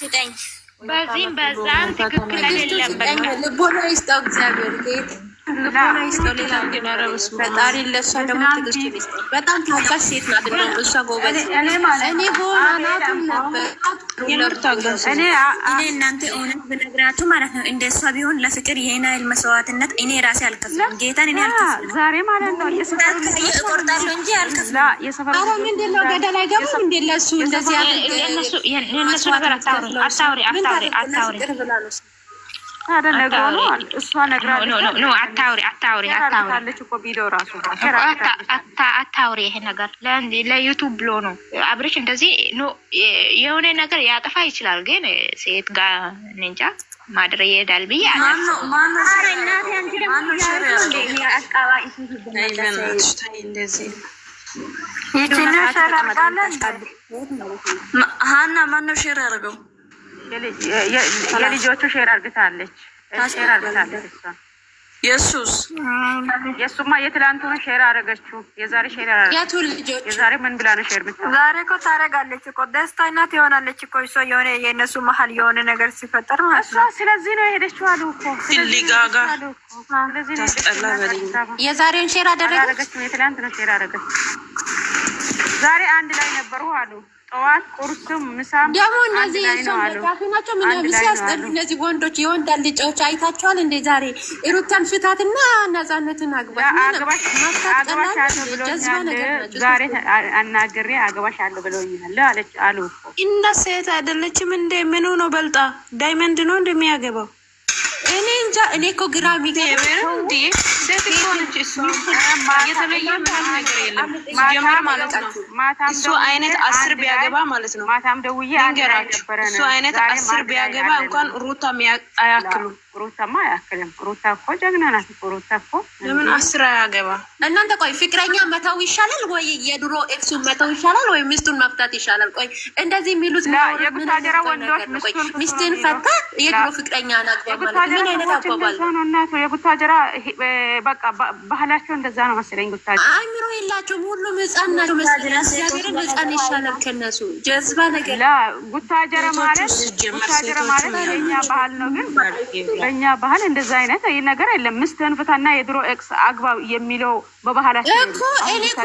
ስጠኝ። በዚህም በዛም ትክክል አይደለም። ልቦና ይስጠው እግዚአብሔር ጌት ፈጣሪ ለእሷ ደግሞ ትግስት በጣም ታጋሽ ሴት ናት። እንደውም እሷ ጎበዝ እኔ ሆናቱም እኔ እናንተ እውነት ብነግራችሁ ማለት ነው እንደ እሷ ቢሆን ለፍቅር ይሄን ያህል መስዋዕትነት እኔ ራሴ አልከፍልም። ጌታን እኔ አልከፍልም። ዛሬ ማለት ነው እቆርጣለሁ እንጂ አልከፍልም። ኧረ ምንድን ነው ገደል አይገቡም። እንደለሱ እንደዚህ ያለ እነሱ ነገር አታውሪ፣ አታውሪ፣ አታውሪ፣ አታውሪ አታውሪ ይሄ ነገር ለዩቱብ ብሎ ነው። አብሬሽ እንደዚህ የሆነ ነገር ያጠፋ ይችላል፣ ግን ሴት ጋር እንጃ ይሄዳል ብዬ ሀና ማነው ሼር ያደርገው? የልጆቹ ሼር አርግታለች ሼር አድርግታለች። እሷ የሱስ የሱማ የትላንቱ ነው ሼር አደረገችው። የዛሬ ሼር አደረገችው። የዛሬ ምን ብላ ነው ሼር የምታደርገው? ዛሬ እኮ ታደርጋለች እኮ ደስታ እናት የሆናለች እኮ እሷ የሆነ የእነሱ መሀል የሆነ ነገር ሲፈጠር ማለት ነው። ስለዚህ ነው የሄደችው አሉ እኮ ሊጋጋ የዛሬውን ሼር አደረገችው። የትላንት ነው ሼር አደረገችው። ዛሬ አንድ ላይ ነበሩ አሉ ጠዋት ቁርስም ምሳም ደግሞ እነዚህ የሰውነቃፊ ናቸው። ምን ሲያስጠሉ እነዚህ ወንዶች የወንድ አልጫዎች አይታቸዋል። እንደ ዛሬ ሩታን ፍታትና ነፃነትን አግባዛሬ አናግሬ አግባሽ አለ ብለውኛል አለች አሉ እና ሴት አይደለችም እንደ ምን ነው በልጣ ዳይመንድ ነው እንደሚያገባው እኔ እንጃ። እኔ እኮ ግራ እሱ አይነት አስር ቢያገባ ማለት ነው። ንገራችሁ እሱ አይነት አስር ቢያገባ እንኳን ሩታ አያክሉም። ሩታማ አያክልም። ሩታ እኮ ጀግና ናት። ሩታ እኮ ለምን አስራ ያገባ እናንተ። ቆይ ፍቅረኛ መተው ይሻላል ወይ የድሮ ኤክሱ መተው ይሻላል ወይ ሚስቱን መፍታት ይሻላል? ቆይ እንደዚህ የሚሉት የቡታጀራ ወንዶች ሚስትን ፈታ የድሮ ፍቅረኛ ናግባ ማለት ምን አይነት አባባል ነው? እናቱ የቡታጀራ በቃ ባህላቸው እንደዛ ነው መሰለኝ። ቡታጀራ አይምሮ የላቸውም። ሁሉም ህጻን ናቸው መሰለኝ። እግዚአብሔርን ህጻን ይሻላል ከነሱ ጀዝባ ነገር ቡታጀራ ማለት ቡታጀራ ማለት የኛ ባህል ነው ግን በእኛ ባህል እንደዛ አይነት ይህ ነገር የለም። ሚስትህን ንፍታና የድሮ ኤክስ አግባብ የሚለው በባህላችን ማለት ባህል ነው። አሁን ማለት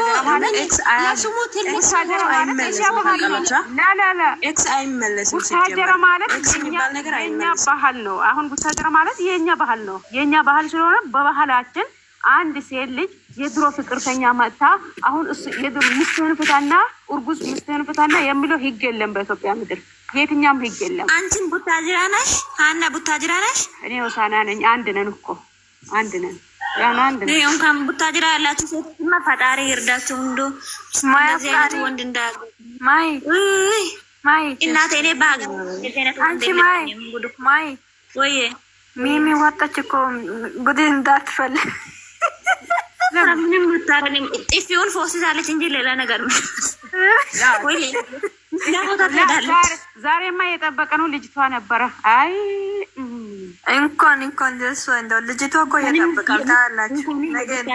ባህል ነው። ባህል ስለሆነ በባህላችን አንድ ልጅ የድሮ ፍቅርተኛ መጥታ አሁን የሚለው ህግ የለም በኢትዮጵያ ምድር። የትኛም ህግ የለም። አንቺን ቡታጅራ ነሽ፣ ሀና ቡታጅራ ነሽ፣ እኔ ሆሳና ነኝ። አንድ ነን እኮ አንድ ነን። እንኳን ቡታጅራ ያላችሁ ሴቶችማ ፈጣሪ ይርዳችሁ። እንዶ እንደዚህ አይነት ወንድ እንዳያገ ማይ ማይ እናቴ እኔ በሀገር አንቺ ማይ ማይ ወይ ሚሚ ወጣች እኮ ጉድ እንዳትፈልግ ምንም ምታረግም ጥፊውን ፎስሳለች እንጂ ሌላ ነገር ዛሬማ ልጅቷ ነበረ። አይ እንኳን እንኳን እንደው ልጅቷ እኮ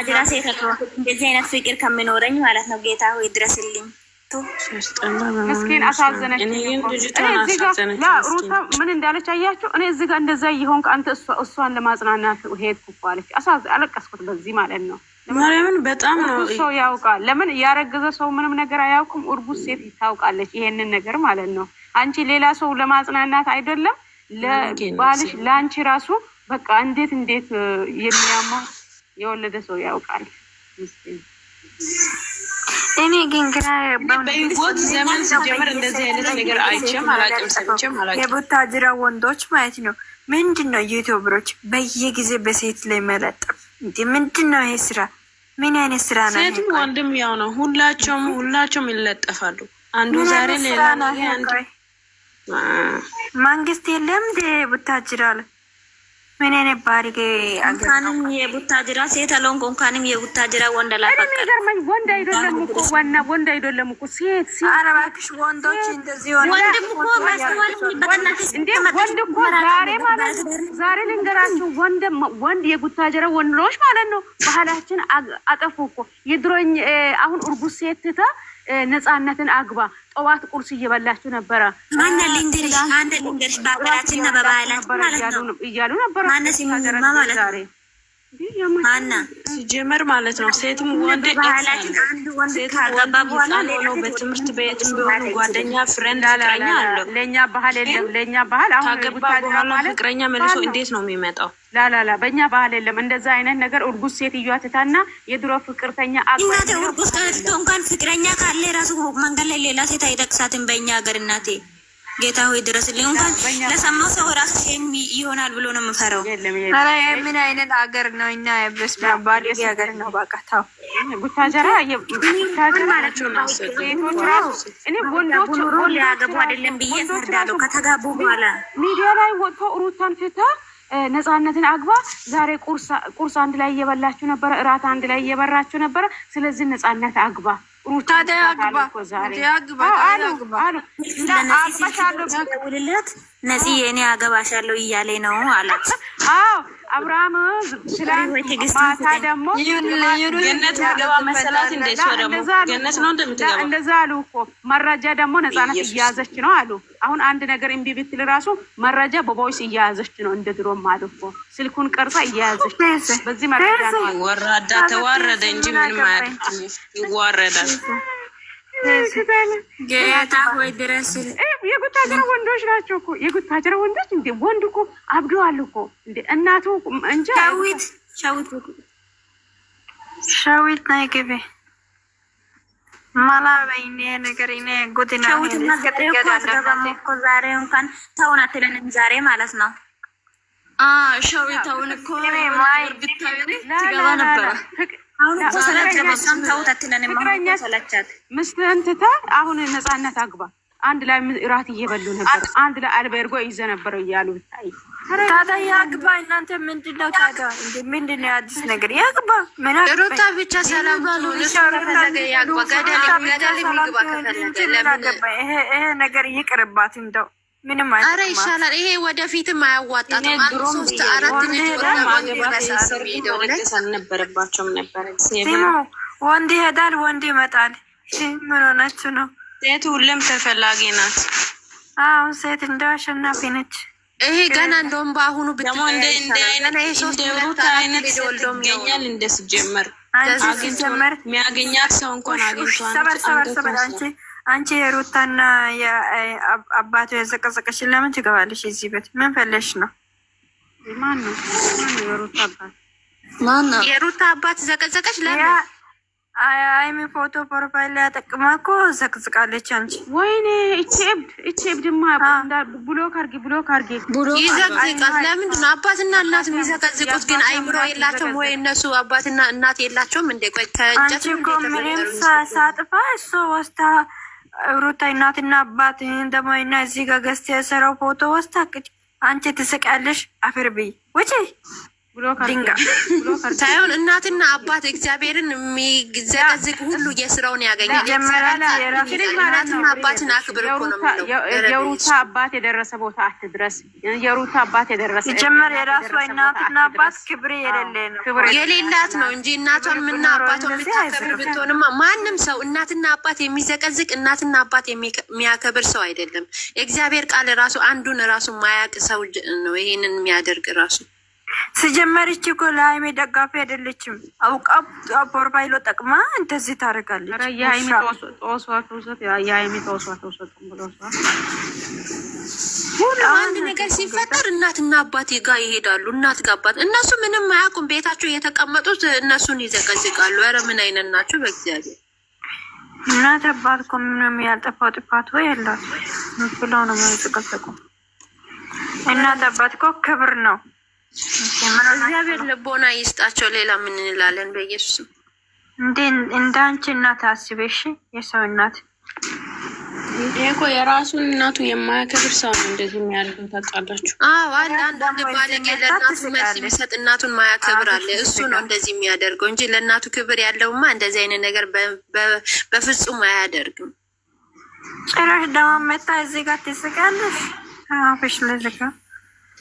እንደዚህ አይነት ፍቅር ከሚኖረኝ ማለት ነው። ጌታ ሆይ ድረስልኝ። ምስኪን አሳዘነች። ሩታ ምን እንዳለች አያችሁ? እኔ እዚህ ጋ እንደዛ እየሆንክ አንተ እሷን ለማጽናናት ሄድኩ አለች። አለቀስኩት በዚህ ማለት ነው። ማርያምን በጣም ነው ሰው ያውቃል። ለምን ያረገዘ ሰው ምንም ነገር አያውቅም። እርጉዝ ሴት ታውቃለች ይሄንን ነገር ማለት ነው። አንቺ ሌላ ሰው ለማጽናናት አይደለም ለባልሽ ለአንቺ ራሱ በቃ እንዴት እንዴት የሚያማ የወለደ ሰው ያውቃል። እኔ ግን ግራ በህይወት ዘመን ሲጀምር እንደዚህ አይነት ነገር አይቼም አላውቅም ሰምቼም አላውቅም። የቡታጅራ ወንዶች ማለት ነው ምንድን ነው ዩቲዩበሮች በየጊዜ በሴት ላይ መለጠፍ ምንድን ነው ይሄ ስራ? ምን አይነት ስራ ነው? ሴትም ወንድም ያው ነው። ሁላቸውም ሁላቸውም ይለጠፋሉ። አንዱ ዛሬ ሌላ ነው። መንግስት የለም ቡታጅራል ምን ኔ ባሪጌ እንኳንም የቡታጅራ ሴት አልሆንኩ እንኳንም የቡታጅራ ወንድ አላፈቀርኩም። የሚገርመኝ ወንድ አይደለም እኮ ዋና ወንድ አይደለም እኮ ሴት ሴት። ኧረ እባክሽ ወንዶች እንደዚህ ሆነ። ወንድም እኮ ማስተዋል እንደ ወንድ እኮ ዛሬ ማለት ዛሬ ልንገራችሁ፣ ወንድም ወንድ የቡታጅራ ወንዶች ማለት ነው ባህላችን አጠፉ እኮ የድሮኝ አሁን እርጉዝ ሴት ትታ ነፃነትን አግባ። ጠዋት ቁርስ እየበላችሁ ነበረ እያሉ ነበረ። አና ሲጀመር ማለት ነው ሴትም ወንድ በትምህርት ቤትም ቢሆኑ ጓደኛ ፍሬንድ ፍቅረኛ አለው። ለእኛ ባህል የለም። ለእኛ ባህል አሁን ከገባ በኋላ ፍቅረኛ መልሶ እንዴት ነው የሚመጣው? ላላላ በእኛ ባህል የለም እንደዛ አይነት ነገር። እርጉዝ ሴትዮዋ ትታና የድሮ ፍቅርተኛ እናት እርጉዝ ከትቶ እንኳን ፍቅረኛ ካለ ራሱ መንገድ ላይ ሌላ ሴት አይጠቅሳትም በእኛ ሀገር እናቴ ጌታ ሆይ ድረስልኝ። እንኳን ለሰማው ሰው ራሱ ሴሚ ይሆናል ብሎ ነው የምፈረው። ምን አይነት አገር ነው? እና የበስመ ሀገር ነው። በቃ ተው ጉታጀራ ማለት ነው። ወንዶች ሊያገቡ አይደለም ብዬ ፈርዳለሁ። ከተጋቡ በኋላ ሚዲያ ላይ ወጥቶ ሩታን ፍታ ነጻነትን አግባ። ዛሬ ቁርስ አንድ ላይ እየበላችሁ ነበረ፣ እራት አንድ ላይ እየበራችሁ ነበረ። ስለዚህ ነጻነት አግባ ሩታ ተያግባ ተያግባ አግባ ነፂ አገባሽ አገባሻለሁ እያለኝ ነው አላት። አዎ አብርሃም ስላማታ ደግሞ ገነት ገባ መሰላት ገነት ነው እንደምትገባ እንደዛ አሉ እኮ መረጃ ደግሞ ነፃነት እያያዘች ነው አሉ። አሁን አንድ ነገር እምቢ ብትል ራሱ መረጃ በቦይስ እያያዘች ነው እንደ ድሮም አሉ እኮ ስልኩን ቀርጻ እያያዘች በዚህ መረጃ ነው። ወራዳ ተዋረደ እንጂ ምንም አያደርግም ይዋረዳል። ጌታ ሆይ ድረስልን። የጉታጀራ ወንዶች ናቸው እኮ የጉታጀራ ወንዶች እንደ ወንድ እኮ አብደዋል እኮ እንደ እናቱ እንጂ ሸዊት ሸዊት ናይ ግቢ ማላበይ ነገር ዛሬ እንኳን ተውን አትለንም። ዛሬ ማለት ነው ሸዊት ተውን እኮ ብታዩ ትገባ ነበረ ምስትህን ትተህ አሁን ነፃነት አግባ። አንድ ላይ እራት እየበሉ ነበር። አንድ ላይ አልበርጎ ይዘ ነበረ እያሉ ታዲያ አግባ። እናንተ ምንድን ነው ታዲያ? ምንድን ነው አዲስ ነገር? ያግባ ሩታ ብቻ ሰላም ይሄ ነገር ይቅርባት እንደው ምንም አይ አረ ይሻላል። ይሄ ወደፊትም አያዋጣትም። ሶስት አራት ልጅ አልነበረባቸውም ነበረ። ወንድ ይሄዳል፣ ወንድ ይመጣል። ምን ሆነች ነው? ሴት ሁሉም ተፈላጊ ናት። አዎ ሴት እንደው አሸናፊ ነች። ይሄ ገና እንደውም በአሁኑ ብትገኛል እንደ ሲጀመር ሚያገኛት ሰው እንኳን አግኝቷ አንቺ የሩታና የአባቱ የዘቀዘቀሽ ለምን ትገባለሽ? እዚህ ቤት ምን ፈለሽ ነው? ማነው የሩታ አባት ዘቀዘቀሽ? ለምን አይሚ ፎቶ ፕሮፋይል ላይ ጠቅማ እኮ ዘቅዝቃለች። አንቺ ወይኔ እቺ እብድ እቺ እብድ ብሎክ አርጊ ብሎክ አርጊ ይዘቅዝቃት። ለምንድን ነው አባትና እናት የሚዘቀዝቁት? ግን አይምሮ የላቸውም ወይ እነሱ? አባትና እናት የላቸውም እንዴ? ቆይ ከእንጨት ምንም ሳጥፋ እሱ ወስታ ሩታ እናትና አባትህን ደሞና እዚህ ጋር ገዝተህ የሰራው ፎቶ ወስታ አንቺ ትስቃለሽ። አፈር ብይ ውጪ ሳይሆን እናትና አባት እግዚአብሔርን የሚዘቀዝቅ ሁሉ የስራውን ያገኛል። እናትና አባትን አክብር እኮ ነው የሚለው። የሩታ አባት የደረሰ ቦታ አትድረስ። የሩታ አባት የደረሰ ሲጀመር የራሷ እናትና አባት ክብር የሌለ ነው የሌላት ነው እንጂ እናቷን ምና አባቷን የምታከብር ብትሆንማ ማንም ሰው እናትና አባት የሚዘቀዝቅ እናትና አባት የሚያከብር ሰው አይደለም። የእግዚአብሔር ቃል ራሱ አንዱን ራሱ ማያቅ ሰው ነው ይሄንን የሚያደርግ ራሱ ስጀመርች እኮ ለሀይሜ ደጋፊ አይደለችም። አውቃ ፕሮፋይሎ ጠቅማ እንደዚህ ታደርጋለች። አንድ ነገር ሲፈጠር እናትና አባት ጋ ይሄዳሉ። እናት ጋ አባት እነሱ ምንም አያውቁም። ቤታቸው የተቀመጡት እነሱን ይዘቀዝቃሉ። ኧረ ምን አይነት ናቸው? በእግዚአብሔር እናት አባት እኮ ምንም ያልጠፋው ጥፋት ወይ ያላት ብለው ነው የሚዘቀዘቁ። እናት አባት እኮ ክብር ነው እግዚአብሔር ልቦና ይስጣቸው። ሌላ ምን እንላለን? በኢየሱስም እንደ አንቺ እናት አስቤሽ የሰው እናት ይሄኮ የራሱን እናቱ የማያከብር ሰው ነው እንደዚህ የሚያደርገው ታውቃላችሁ። አዎ አንድ አንዳንድ ባለጌ ለእናቱ መልስ የሚሰጥ እናቱን ማያከብር አለ። እሱ ነው እንደዚህ የሚያደርገው እንጂ ለእናቱ ክብር ያለውማ እንደዚህ አይነት ነገር በፍጹም አያደርግም። ጭራሽ ደግሞ መታ እዚህ ጋር ትስቃለሽ አፍሽ ልዝጋ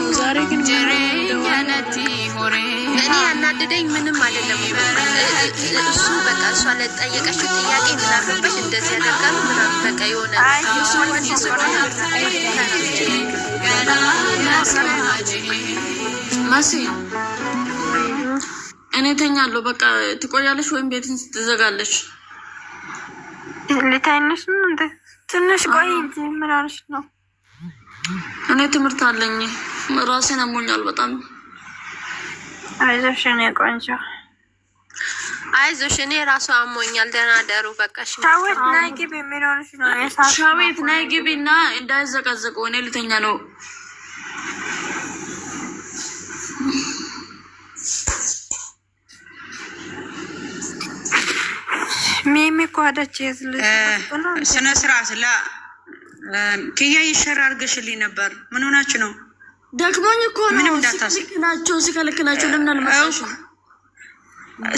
ነው። ዛሬ ግን እኔ ያናደደኝ ምንም አይደለም። እሱ በቃ እሷ ለጠየቀችው ጥያቄ ምናምንበት እንደዚህ ያደርጋሉ ምናምን በቃ የሆነ እኔ ተኛለሁ። በቃ ትቆያለሽ ወይም ቤትን ትዘጋለሽ? ልታይነሽ ነው። ትንሽ ቆይ እንጂ ምን ነው እኔ ትምህርት አለኝ። ራሴን አሞኛል በጣም። አይዞሽ እኔ ቆንጆ፣ አይዞሽ እኔ ራሱ አሞኛል። ደህና ደሩ። በቃሽ። ሻዊት ናይ ግቢ፣ የሚሆንሽ ነው። ሻዊት ናይ ግቢ እና እንዳይዘቀዝቁ፣ እኔ ልተኛ ነው። ሚሚ እኮ ሄደች። ስነ ስርዓት ላ ኪያ የሸራ አድርገሽልኝ ነበር። ምን ሆናችሁ ነው? ደግሞኝ እኮ ነው ሲከልክላቸው ሲከልክላቸው ለምን አልመጣሽም?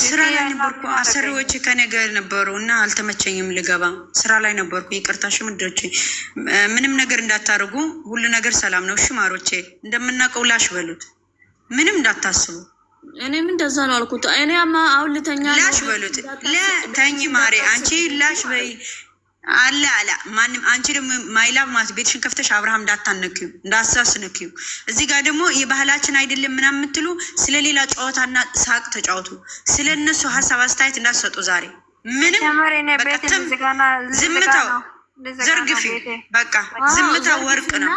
ስራ ላይ ነበርኩ። አሰሪዎች ከኔ ነበሩ እና አልተመቸኝም ልገባ። ስራ ላይ ነበርኩ። ይቅርታ ሽምዶቼ፣ ምንም ነገር እንዳታደርጉ። ሁሉ ነገር ሰላም ነው። ሽማሮቼ እንደምናውቀው ላሽ በሉት። ምንም እንዳታስቡ። እኔም እንደዛ ነው አልኩት። እኔ ማ አሁን ልተኛ ላሽ በሉት። ለተኝ ማሬ አንቺ ላሽ በይ አለ አለ ማንም አንቺ ደግሞ ማይላብ ማለት ቤትሽን ከፍተሽ አብርሃም እንዳታነኪው እንዳሳስነኪው። እዚህ ጋር ደግሞ የባህላችን አይደለም ምናምን የምትሉ ስለ ሌላ ጨዋታና ሳቅ ተጫወቱ። ስለ እነሱ ሀሳብ አስተያየት እንዳትሰጡ። ዛሬ ምንም ዝምታው ዘርግፊ፣ በቃ ዝምታ ወርቅ ነው።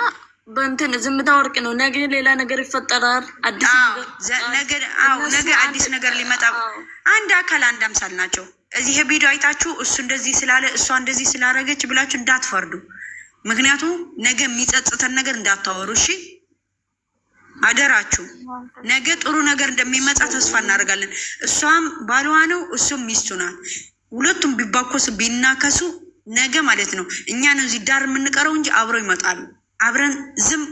በእንትን ዝምታ ወርቅ ነው። ነገ ሌላ ነገር ይፈጠራል። አዲስ ነገር ነገ አዲስ ነገር ሊመጣ አንድ አካል አንድ አምሳል ናቸው። እዚህ ቪዲዮ አይታችሁ እሱ እንደዚህ ስላለ እሷ እንደዚህ ስላረገች ብላችሁ እንዳትፈርዱ። ምክንያቱም ነገ የሚጸጽተን ነገር እንዳታወሩ። እሺ አደራችሁ። ነገ ጥሩ ነገር እንደሚመጣ ተስፋ እናደርጋለን። እሷም ባሏ ነው፣ እሱም ሚስቱ ናት። ሁለቱም ቢባኮስ ቢናከሱ ነገ ማለት ነው እኛ ነው እዚህ ዳር የምንቀረው እንጂ አብረው ይመጣሉ። አብረን ዝም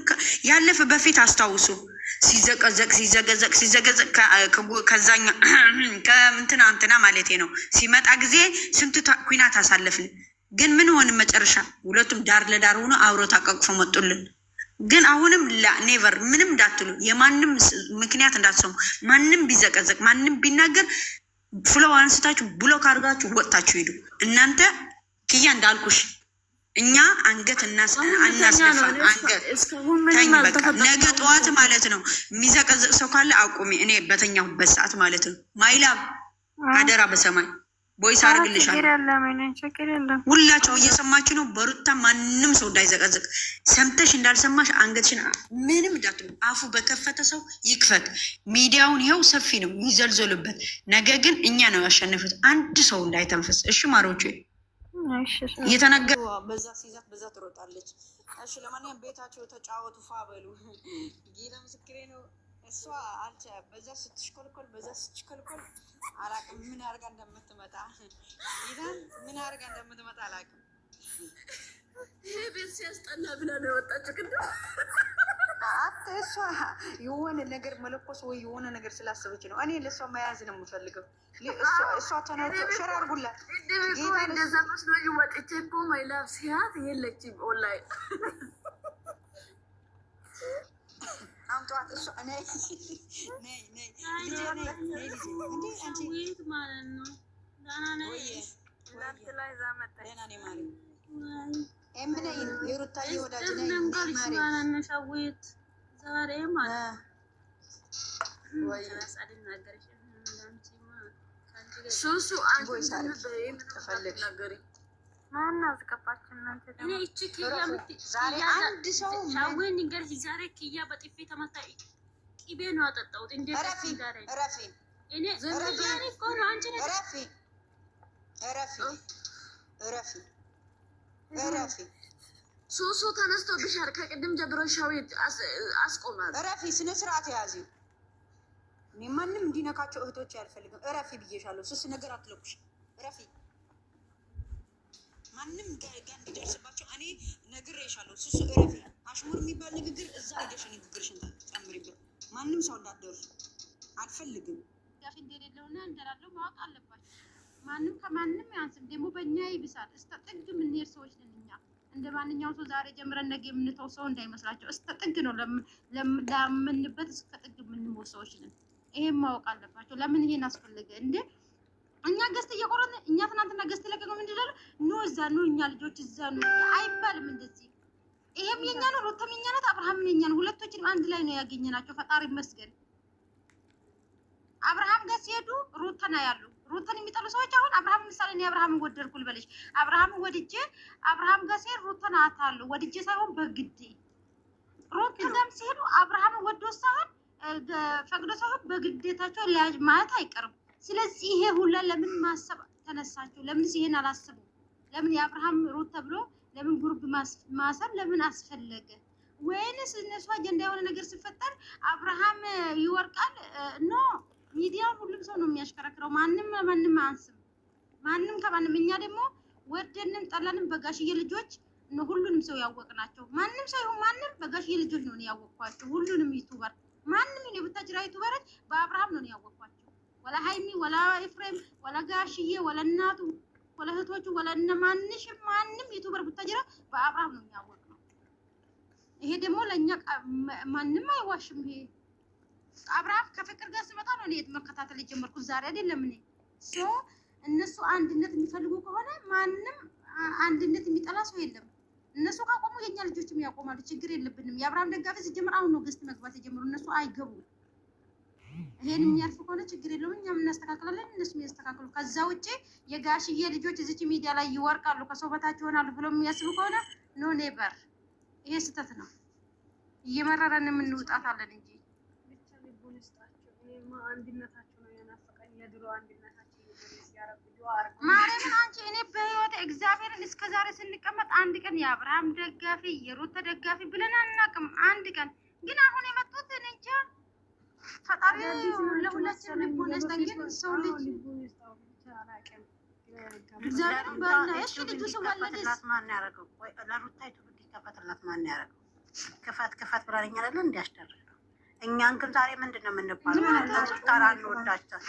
ያለፈ በፊት አስታውሱ። ሲዘቀዘቅ ሲዘቀዘቅ ሲዘቀዘቅ ከዛኛ ከምንትና እንትና ማለቴ ነው ሲመጣ ጊዜ ስንት ኩናት አሳለፍን። ግን ምን ሆን መጨረሻ ሁለቱም ዳር ለዳር ሆኖ አብረው ታቀቅፎ መጡልን። ግን አሁንም ኔቨር ምንም እንዳትሉ፣ የማንም ምክንያት እንዳትሰሙ። ማንም ቢዘቀዘቅ ማንም ቢናገር ፍለው አንስታችሁ ብሎክ አድርጋችሁ ወጥታችሁ ሄዱ። እናንተ ክያ እንዳልኩሽ እኛ አንገት እናስና ጠዋት ማለት ነው። የሚዘቀዘቅ ሰው ካለ አቁሚ። እኔ በተኛሁበት ሰዓት ማለት ነው። ማይላብ አደራ በሰማይ ቦይስ አርግልሻል። ሁላቸው እየሰማች ነው። በሩታ ማንም ሰው እንዳይዘቀዝቅ ሰምተሽ እንዳልሰማሽ አንገትሽን ምንም እንዳትሉ። አፉ በከፈተ ሰው ይክፈት። ሚዲያውን ይኸው ሰፊ ነው ይዘልዘሉበት። ነገ ግን እኛ ነው ያሸነፉት። አንድ ሰው እንዳይተንፈስ። እሺ ማሮቼ እየተነገረ በዛ ሲይዛት በዛ ትሮጣለች። እሺ ለማንኛውም ቤታቸው ተጫወቱ፣ ፋበሉ ጌታ ምስክሬ ነው። እሷ አንተ በዛ ስትሽኮልኮል በዛ ስትሽኮልኮል አላውቅም ምን አርጋ እንደምትመጣ ጌታን ምን አርጋ እንደምትመጣ አላውቅም። ይሄ ቤት ሲያስጠላ ብላ ነው የወጣችው። እሷ የሆነ ነገር መለኮስ ወይ የሆነ ነገር ስላሰበች ነው። እኔ ለእሷ መያዝ ነው የምፈልገው። እሷ ሸር አድርጉላት። እንደዛ የሩታዬ ወዳጅ ነኝ ማለት ዛሬ ማለት ሱሱ ዛሬ ኪያ በጥፊ ተመታ። ቅቤ ነው አጠጣሁት። እንዴት ዛሬ እረፊ እረፊ እረፊ ሶሶ ተነስቶ ብሻል ከቅድም ጀምሮ ሻዊ አስቆማል። እረፊ፣ ስነ ስርዓት የያዘ እኔ ማንም እንዲነካቸው እህቶች አልፈልግም። እረፊ ብዬሻለሁ። ስስ ነገር አትለኩሽ። እረፊ፣ ማንም ጋ እንዲደርስባቸው እኔ ነግሬሻለሁ። ስሱ እረፊ። አሽሙር የሚባል ንግግር እዛ ሄደሽ ንግግርሽን ጨምሪበት። ማንም ሰው እንዳደርሱ አልፈልግም። ጋሽ እንደሌለውና እንደላለው ማወቅ አለባቸው። ማንም ከማንም ያንስም ደግሞ በእኛ ይብሳል። እስከ ጥግ የምንሄድ ሰዎች ነን እኛ እንደ ማንኛውም ሰው ዛሬ ጀምረን ነገ የምንተው ሰው እንዳይመስላቸው። እስከ ጥግ ነው ለምንበት እስከ ጥግ የምንሞት ሰዎች ነን። ይሄን ማወቅ አለባቸው። ለምን ይሄን አስፈለገ እንዴ? እኛ ገዝት እየቆረን እኛ ትናንትና ገዝት ለቀቀ ምንድላለ? ኖ እዛ ኖ እኛ ልጆች እዛ ኖ አይባልም እንደዚህ። ይሄም የኛ ነው፣ ሮተም የኛ ናት፣ አብርሃምን የኛ ነው። ሁለቶችን አንድ ላይ ነው ያገኘናቸው። ፈጣሪ ይመስገን። አብርሃም ጋር ሲሄዱ ሩተና ያሉ ሩትን የሚጠሉ ሰዎች አሁን አብርሃም ምሳሌ እኔ አብርሃምን ወደድኩ ልበልሽ፣ አብርሃምን ወድጄ አብርሃም ጋር ሲሄድ ሩትን አታለሁ ወድጄ ሳይሆን በግዴ ሩት ጋርም ሲሄዱ አብርሃምን ወዶ ሳይሆን ፈቅዶ ሳይሆን በግዴታቸው ለያጅ ማለት አይቀርም። ስለዚህ ይሄ ሁላ ለምን ማሰብ ተነሳቸው ለምን ይሄን አላስቡ? ለምን የአብርሃም ሩት ተብሎ ለምን ጉርብ ማሰብ ለምን አስፈለገ? ወይንስ እነሱ አጀንዳ የሆነ ነገር ሲፈጠር አብርሃም ይወርቃል ኖ ሚዲያ ሁሉም ሰው ነው የሚያሽከረክረው። ማንም ማንም አንስም ማንም ከማንም እኛ ደግሞ ወደንም ጠላንም በጋሽዬ ልጆች ሁሉንም ሰው ያወቅናቸው። ማንም ሰው ይሁን ማንም በጋሽዬ ልጆች ነው ያወቅኳቸው። ሁሉንም ዩቱበር ማንም ነው የብታጅራ ዩቱበሮች በአብርሃም ነው ያወቅኳቸው። ወላ ሀይሚ ወላ ኤፍሬም ወላ ጋሽዬ ወላ እናቱ ወላ እህቶቹ ወላ እነ ማንሽ ማንም ዩቱበር ብታጅራ በአብርሃም ነው ያወቅነው። ይሄ ደግሞ ለእኛ ማንም አይዋሽም ይሄ አብርሃም ከፍቅር ጋር ስመጣ ነው እኔ መከታተል የጀመርኩት ዛሬ አይደለም። እኔ ሶ እነሱ አንድነት የሚፈልጉ ከሆነ ማንም አንድነት የሚጠላ ሰው የለም። እነሱ ካቆሙ የኛ ልጆችም ያቆማሉ። ችግር የለብንም። የአብርሃም ደጋፊ ሲጀምር አሁን ነው ገዝት መግባት የጀመሩ እነሱ አይገቡም። ይሄን የሚያልፍ ከሆነ ችግር የለውም። እኛም እናስተካክላለን፣ እነሱም ያስተካክሉ። ከዛ ውጭ የጋሽዬ ልጆች እዚች ሚዲያ ላይ ይወርቃሉ፣ ከሰው በታች ይሆናሉ ብሎ የሚያስቡ ከሆነ ኖ ኔበር፣ ይሄ ስህተት ነው። እየመረረን የምንውጣታለን እንጂ አንድነታችሁ ነው የናፈቀኝ። የድሮ አንድነታችሁ ማርያምን አንቺ እኔ በህይወት እግዚአብሔርን እስከ ዛሬ ስንቀመጥ አንድ ቀን የአብርሃም ደጋፊ የሩት ደጋፊ ብለን አናውቅም። አንድ ቀን ግን አሁን የመጡት እንጃ ፈጣሪ ለሁላችን ሰው ልጅ እግዚአብሔርን ልጁ ማን ለሩታ ማን ክፈት ክፈት አይደለ እንዲያስደርግ እኛን ግን ዛሬ ምንድን ነው የምንባለው? ሩታን አንወዳቸውም።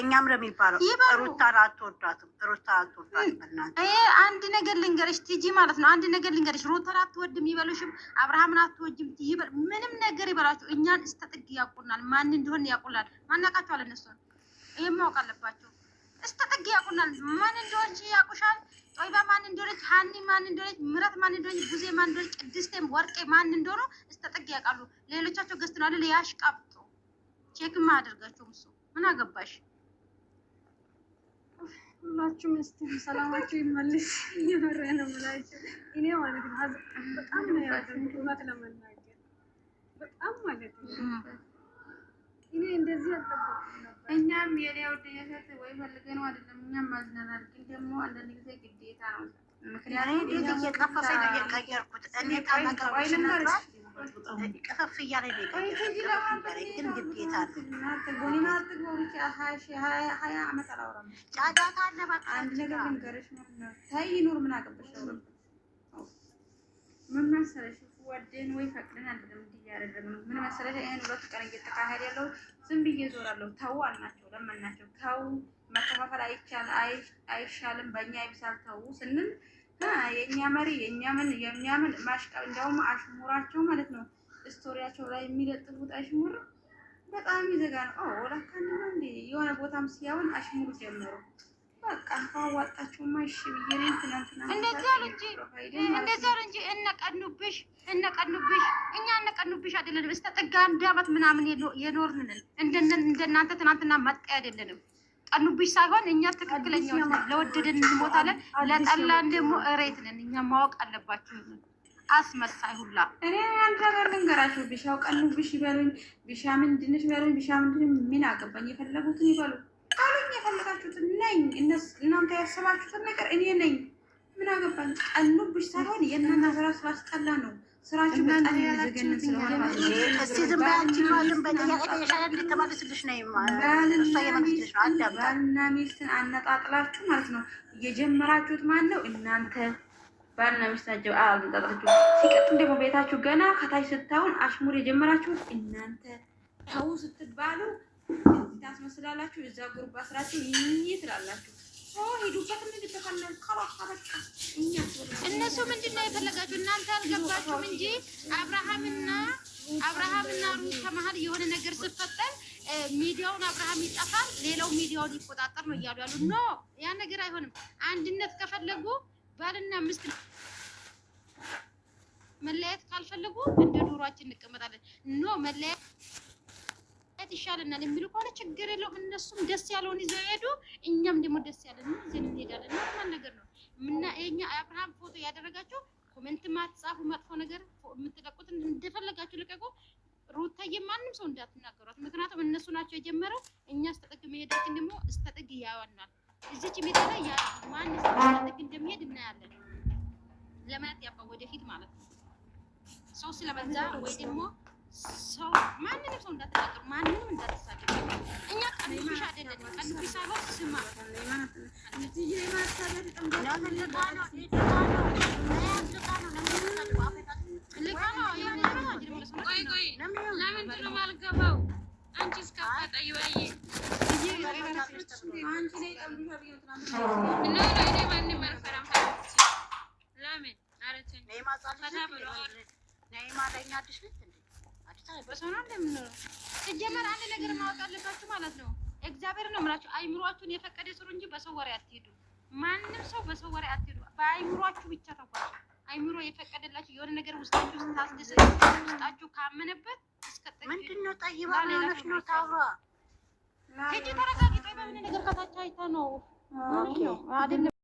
እኛም ነው የሚባለው ሩታን አትወዳትም፣ ሩታን አትወዳትም። እናንተ አንድ ነገር ልንገርሽ ቲጂ ማለት ነው። አንድ ነገር ልንገርሽ፣ ሩታን አትወድም ይበሉሽም፣ አብርሃምን አትወጅም፣ ይበል፣ ምንም ነገር ይበላቸው፣ እኛን እስተጥግ ጥግ ያውቁናል፣ ማን እንደሆን ያውቁናል። ማናቃቸዋል እነሱ ይህም ማወቅ አለባቸው። እስከ ጥግ ያውቁናል። ማን እንደሆነች ያውቁሻል። ጦይባ ማን እንደሆነች፣ ሀኒ ማን እንደሆነች፣ ምረት ማን እንደሆነች፣ ጉዜ ማን እንደሆነች፣ ቅድስቴም ወርቄ ማን እንደሆኑ እስከ ጥግ ያውቃሉ። ሌሎቻቸው ገዝት ነው አይደል ያሽቃብጡ። ቼክማ አደርጋችሁም እሱ ምን አገባሽ? ሁላችሁም እስቲ ሰላማችሁ ይመልስ። እየበረ ነው ምላችሁ እኔ ማለት ነው በጣም ነው ያዘንኩት። እውነት ለመናገር በጣም ማለት ነው እኔ እንደዚህ አልጠበቅኩም እኛም የሪያ ውድየሰት ወይ ፈልገ ነው አይደለም። እኛም ማዝናናል፣ ግን ደግሞ አንዳንድ ጊዜ ግዴታ ነው። ምክንያቱም እኔ ቀፈፍ ግን ግዴታ ነው። አንድ ነገር ነው። ኑር ምን ምን መሰለሽ፣ ወደን ወይ ፈቅደን አይደለም እንዲህ እያደረግን ምን መሰለሽ፣ ይህን ሁለት ቀን እየተካሄድ ያለው ዝም ብዬ ዞራለሁ። ተው አልናቸው፣ ለመናቸው። ተው መከፋፈል አይቻል አይሻልም፣ በእኛ ይብሳል ተው ስንል የእኛ መሪ የእኛ ምን የእኛ ምን እንዲያውም አሽሙራቸው ማለት ነው ስቶሪያቸው ላይ የሚለጥፉት አሽሙር በጣም ይዘጋ ነው። ለካ የሆነ ቦታም ሲያውን አሽሙር ጀመሩ። በቃ ካዋጣችሁማ እሺ ብዬ ትናንትና እንጂ እንደዛ እንጂ እነቀኑብሽ እነቀኑብሽ እኛ እነቀኑብሽ አይደለንም። እስከ ጥጋ አንድ አመት ምናምን የኖርን እንደናንተ ትናንትና መጣ አይደለንም። ቀኑብሽ ሳይሆን እኛ ትክክለኛው ለወደደን እንሞታለን፣ ለጠላን ደግሞ እሬት ነን። እኛ ማወቅ አለባችሁ። አስመሳይ ሁላ እኔ አንተ ጋር ልንገራችሁ፣ ቢሻው ቀኑብሽ ይበሉኝ፣ ቢሻ ምንድንሽ ይበሉኝ፣ ቢሻ ምንድን ምን አገባኝ፣ የፈለጉትን ይበሉ ካሉኝ የፈለጋችሁትን ነኝ። እናንተ ያሰባችሁትን ነገር እኔ ነኝ ምን አገባን? ቀኑብሽ ሳይሆን የእናና ስራ ስላስጠላ ነው። ስራችሁ በጣም ያዘገንን ባልና ሚስትን አነጣጥላችሁ ማለት ነው የጀመራችሁት። ማን ነው እናንተ ባልና ሚስት ናቸው አጣጥላችሁ። ሲቀጥል ደግሞ ቤታችሁ ገና ከታች ስታውን አሽሙር የጀመራችሁት እናንተ ተው ስትባሉ ታስመስላላችሁ። እዛ ጉርባ ስራችሁ ይህ ትላላችሁ እነሱ ምንድን ነው የፈለጋችሁ? እናንተ አልገባችሁም እንጂ አብርሃምና አብርሃምና ሩት ከመሀል የሆነ ነገር ስፈጠር ሚዲያውን አብርሃም ይጠፋል፣ ሌላው ሚዲያውን ይቆጣጠር ነው እያሉ ያሉ ኖ፣ ያ ነገር አይሆንም። አንድነት ከፈለጉ ባልና ሚስት መለያየት ካልፈለጉ እንደ ዶሯችን እንቀመጣለን። ኖ መለያየት ይሻለናል የሚሉ ከሆነ ችግር የለውም። እነሱም ደስ ያለውን ይዘው ሄዱ፣ እኛም ደግሞ ደስ ያለን ይዘን እንሄዳለን። ኖርማል ነገር ነው። ምና የኛ አብርሃም ፎቶ ያደረጋቸው ኮሜንት ማትጻፉ መጥፎ ነገር የምትለቁት እንደፈለጋችሁ ልቀቁ። ሩታዬ ማንም ሰው እንዳትናገሯት፣ ምክንያቱም እነሱ ናቸው የጀመረው። እኛ ስተጠግ መሄዳችን ደግሞ እስተጠግ ያዋናል። እዚች ሜዳ ላይ ማን ስተጠግ እንደሚሄድ እናያለን። ለማለት ያባ ወደፊት ማለት ነው ሰው ስለበዛ ወይ ደግሞ ሰው ማንንም ሰው እንዳትናገር፣ ማንንም እንዳትሳደብ። እኛ ቀንሽ አይደለም ቀንሽ ሳይሆን ስማ ለምን በሰው ነው እንደምንኖረው። ሲጀመር አንድ ነገር ማወቅ አለባችሁ ማለት ነው። እግዚአብሔር ነው የምላችሁ። አይምሯችሁን የፈቀደ ስሩ እንጂ በሰው ወሬ አትሄዱ። ማንም ሰው በሰው ወሬ አትሄዱ። በአይምሯችሁ ብቻ ተጓዙ። አይምሮ የፈቀደላችሁ የሆነ ነገር ውስጣችሁ ስታስደስት ውስጣችሁ ካመነበት ምንድን ነው ጠይባ ሆነች ነው ታባ ሂጂ ተረጋጊ። ጠይባ ምን ነገር ከታች አይታ ነው አይደለም